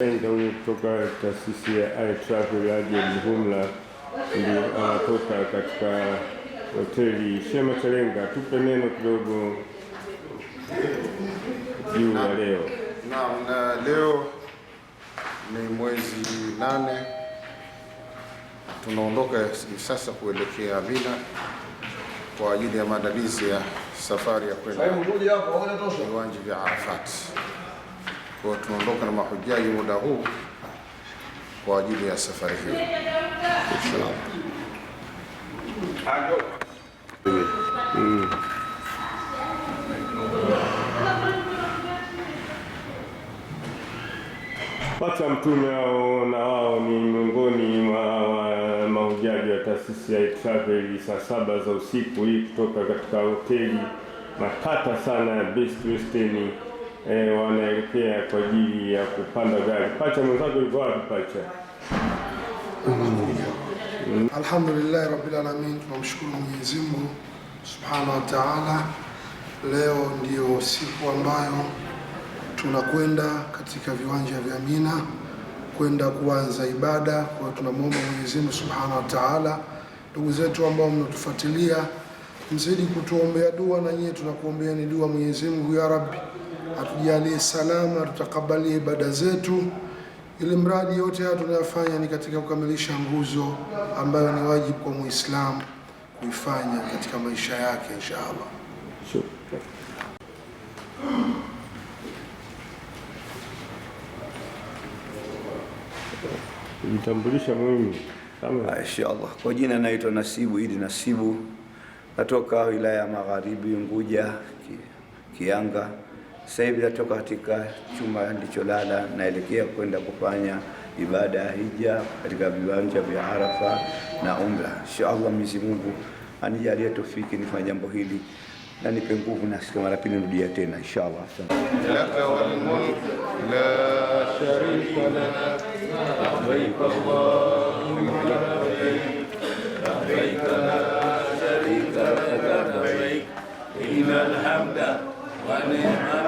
Enza huyu kutoka taasisi ya I Travel Agent ndio anatoka katika hoteli Shema Chalenga. Tupe neno kidogo juu ya leo. Naam, na eh, leo ni mwezi nane, tunaondoka hivi sasa kuelekea Mina kwa ajili ya maandalizi ya safari ya kwenda viwanja vya Arafat. Kwa tunaondoka na mahujaji muda huu kwa ajili ya safari hii. Pacha Mtume ao na wao ni miongoni mwa mahujaji wa taasisi ya travel Saa saba za usiku hii kutoka katika hoteli matata sana ya Best Western e, wanaelekea kwa ajili ya kupanda gari. Pacha mwenzako yuko wapi? Pacha. Mm. Alhamdulillahi rabbil alamin, tunamshukuru Mwenyezi Mungu subhanahu wa taala. Leo ndiyo siku ambayo tunakwenda katika viwanja vya Mina kwenda kuanza ibada. Kwa tunamwomba Mwenyezi Mungu subhanahu wa taala, ndugu zetu ambao mnatufuatilia mzidi kutuombea dua, na nyie tunakuombeani dua. Mwenyezi Mungu ya Rabbi atujalie salama, tutakabalie ibada zetu, ili mradi yote haya tunayofanya ni katika kukamilisha nguzo ambayo ni wajibu kwa Muislamu kuifanya katika maisha yake inshaallah. Mtambulisha mimi kama ah, inshaallah. Kwa jina naitwa Nasibu Idi Nasibu, natoka wilaya ya Magharibi Unguja Kianga. Sasa hivi natoka katika chumba nilicholala, naelekea kwenda kufanya ibada ya hija katika viwanja vya Arafa na Umra. Inshallah, Mwenyezi Mungu anijalie tofiki nifanye jambo hili na nipe nguvu, na siku mara pili nirudia tena inshallah. Laka la la wa ni'mata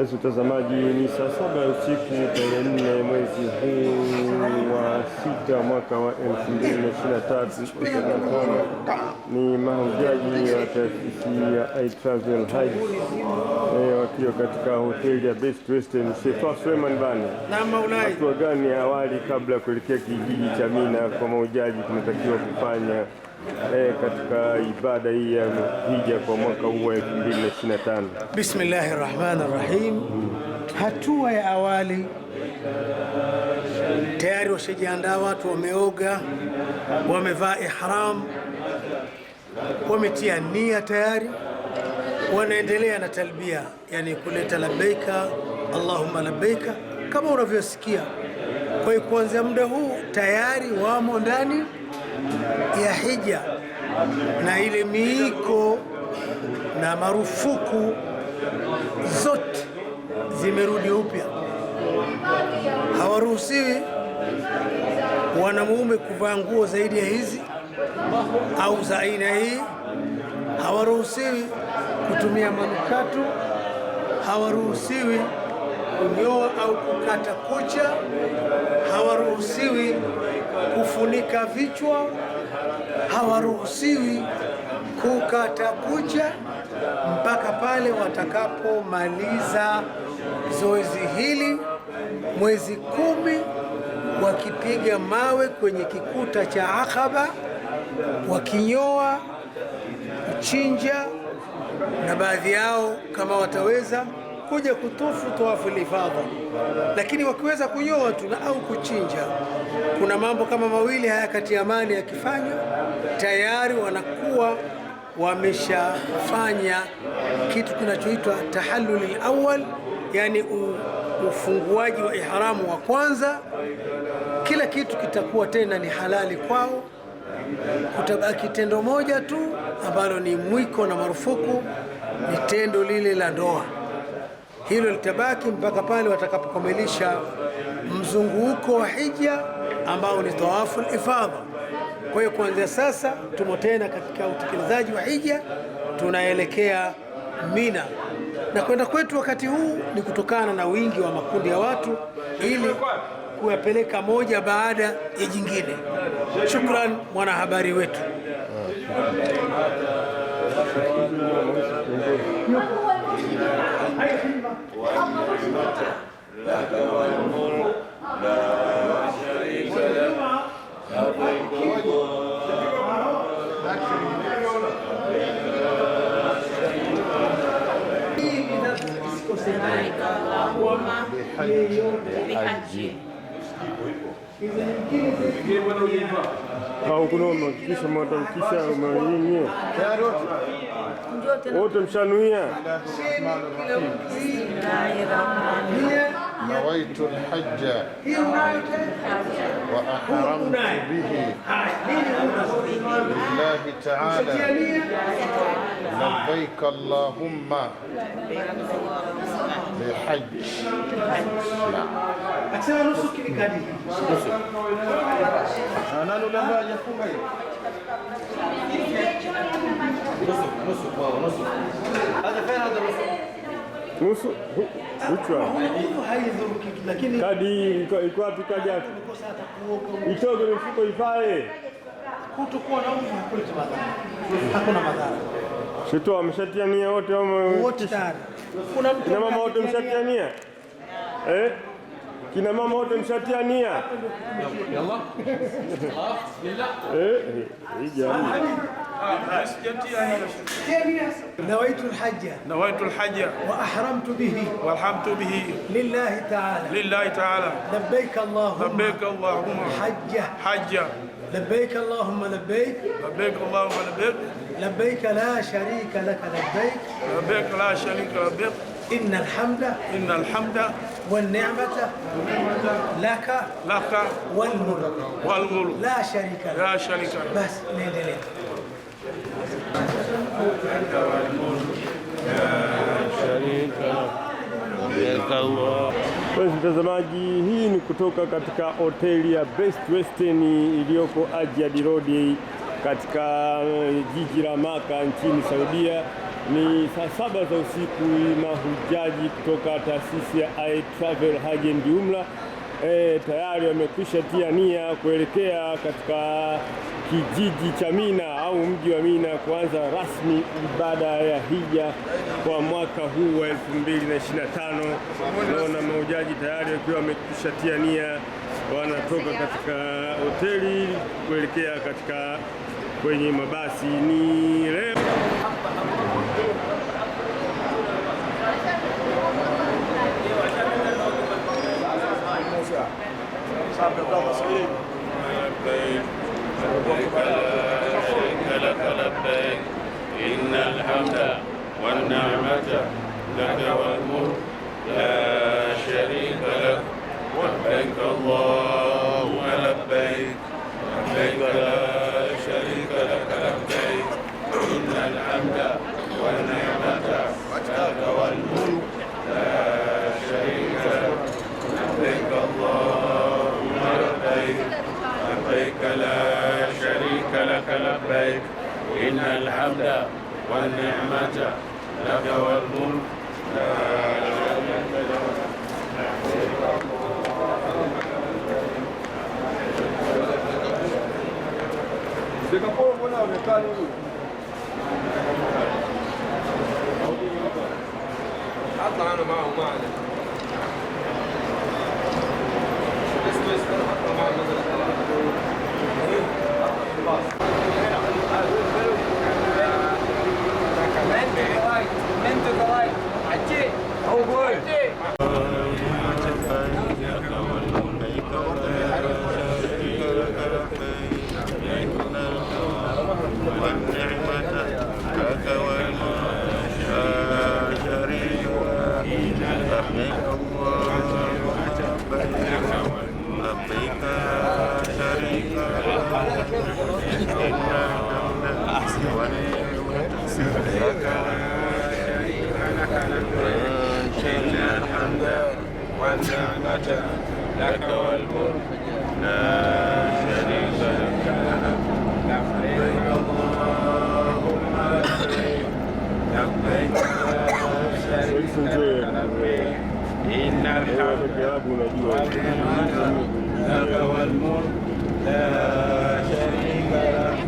Mpenzi mtazamaji, ni saa saba ya usiku tarehe nne mwezi huu wa sita mwaka wa elfu mbili na ishirini na tatu. Ni mahujaji wa taasisi ya iTravel Hajj eh, wakiwa katika hoteli ya Best Western Shefa Suleiman Hatua gani ya awali kabla ya kuelekea kijiji cha Mina kwa mahujaji tunatakiwa kufanya? E, katika ibada hii ya hija kwa mwaka huu wa 2025. Bismillahir Rahmanir Rahim. Hatua ya awali tayari washajiandaa, watu wameoga, wamevaa ihram, wametia nia tayari, wanaendelea na talbia, yani kuleta labbaika Allahumma labbaika kama unavyosikia. Kwa hiyo kuanzia muda huu tayari wamo ndani ya hija na ile miiko na marufuku zote zimerudi upya. Hawaruhusiwi wanamume kuvaa nguo zaidi ya hizi au za aina hii, hawaruhusiwi kutumia manukato, hawaruhusiwi kunyoa au kukata kucha, hawaruhusiwi kufunika vichwa, hawaruhusiwi kukata kucha mpaka pale watakapomaliza zoezi hili mwezi kumi, wakipiga mawe kwenye kikuta cha akhaba wakinyoa, kuchinja na baadhi yao kama wataweza kuja kutofu tawafu lifadha, lakini wakiweza kunyoa tu na au kuchinja, kuna mambo kama mawili haya kati ya mali yakifanywa, tayari wanakuwa wameshafanya kitu kinachoitwa tahallul awal, yani ufunguaji wa ihramu wa kwanza. Kila kitu kitakuwa tena ni halali kwao, kutabaki tendo moja tu ambalo ni mwiko na marufuku, ni tendo lile la ndoa hilo litabaki mpaka pale watakapokamilisha mzunguko wa hija ambao ni tawaful ifadha. Kwa hiyo kuanzia sasa tumo tena katika utekelezaji wa hija, tunaelekea Mina na kwenda kwetu wakati huu ni kutokana na wingi wa makundi ya watu ili kuyapeleka moja baada ya jingine. Shukran mwanahabari wetu. بالحج بالحج au kunoma kisha matamkisha manini wote mshanuia نويت الحج وأحرمت به لله تعالى لبيك اللهم بحج أكسنا نسك هذا فين هذا نسك Nusu which one? Lakini kadi iko wapi kadi yako? Itoke mfuko ifae. Kutokuwa na ufa hakuleta madhara. Hakuna madhara. Sito ameshatia nia wote au wote tayari. Kuna mtu na mama wote mshatia nia? Eh? Kina mama wote mshatia nia? Eh, hii jamani. نويت الحج نويت الحج وأحرمت به وأحرمت به لله تعالى لله تعالى لبيك اللهم لبيك اللهم حجة حجة لبيك اللهم لبيك لبيك اللهم لبيك لبيك لا شريك لك لبيك لبيك لا شريك لبيك إن الحمد إن الحمد والنعمة لك لك والملك والملك لا شريك لك لا شريك لك بس ليه ليه mtazamaji, hii ni kutoka katika hoteli ya Best Western iliyoko Ajad Road katika eh, jiji la Maka nchini Saudia. Ni saa saba za usiku. Mahujaji kutoka taasisi ya I Travel Hajj Umrah e, tayari wamekwisha tia nia kuelekea katika kijiji cha Mina au mji wa Mina kuanza rasmi ibada ya hija kwa mwaka huu wa 2025. Naona mahujaji tayari wakiwa wamekwisha tia nia wanatoka katika hoteli kuelekea katika kwenye mabasi ni leo الملك لك والملك لا شريك لك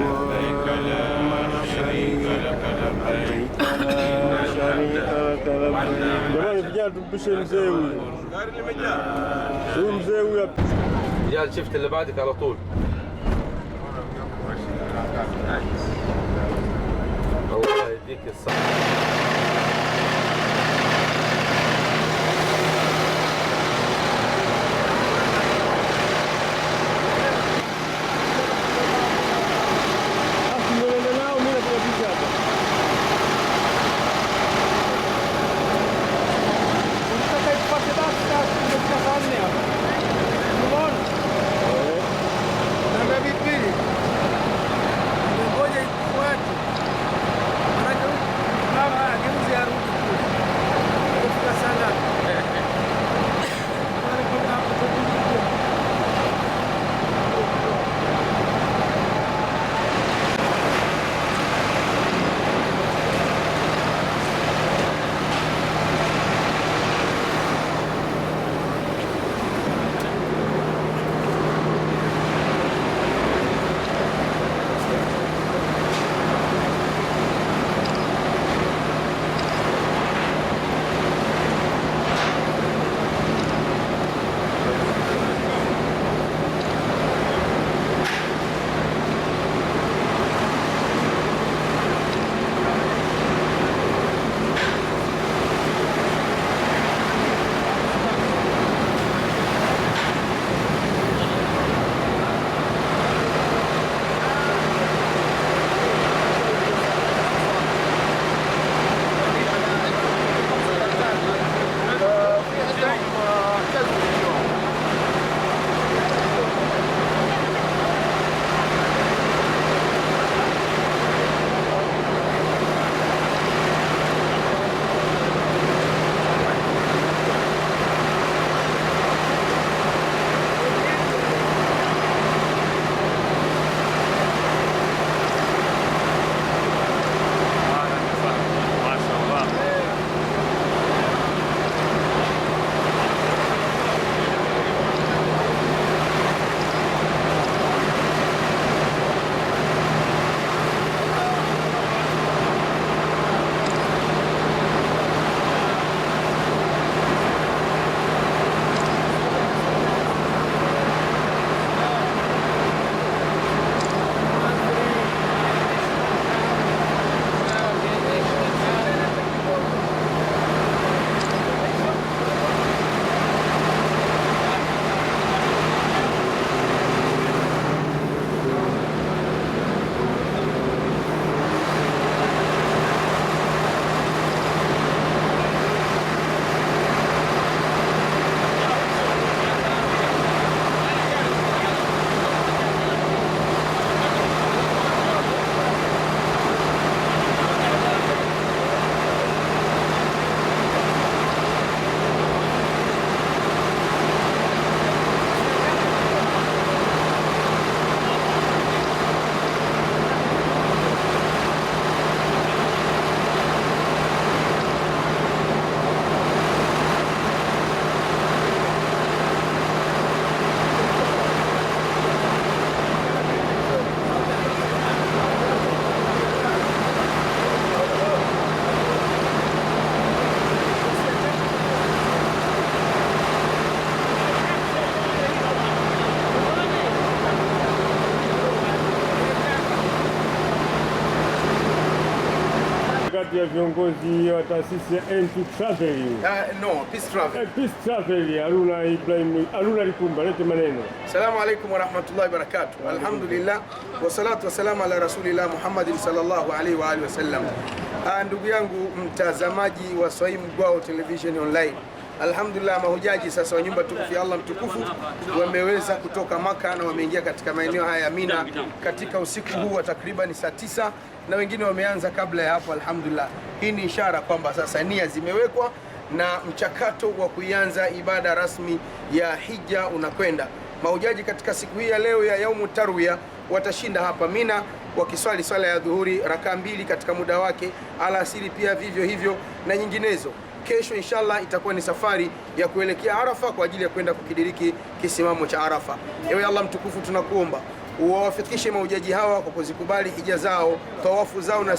لبيك لا شريك لك لبيك لا شريك لك لبيك جماعة رجال بشي مزاوي دار المجال شو مزاوي رجال شفت اللي بعدك على طول الله يديك الصحة kati ya viongozi wa taasisi ya MP Travel. Uh, no, Peace Travel. Eh, Peace Travel Aruna Ibrahim, Aruna Likumba, lete maneno. Assalamu alaykum wa rahmatullahi wa barakatuh. Alhamdulillah wa salatu wa salamu ala rasulillah Muhammad sallallahu alayhi wa alihi wasallam. Ah, Ndugu yangu mtazamaji wa Swahili Mgwao Television Online. Alhamdulillah, mahujaji sasa wa nyumba tukufu ya Allah mtukufu wameweza kutoka Maka na wameingia katika maeneo haya ya Mina katika usiku huu wa takriban saa tisa na wengine wameanza kabla ya hapo. Alhamdulillah, hii ni ishara kwamba sasa nia zimewekwa na mchakato wa kuianza ibada rasmi ya hija unakwenda. Mahujaji katika siku hii ya leo ya yaumu tarwiya watashinda hapa Mina wakiswali swala ya dhuhuri rakaa mbili katika muda wake, alasiri pia vivyo hivyo na nyinginezo kesho inshallah itakuwa ni safari ya kuelekea Arafa kwa ajili ya kwenda kukidiriki kisimamo cha Arafa. Ewe Allah mtukufu, tunakuomba uwafikishe maujaji hawa kwa kuzikubali hija zao, tawafu zao na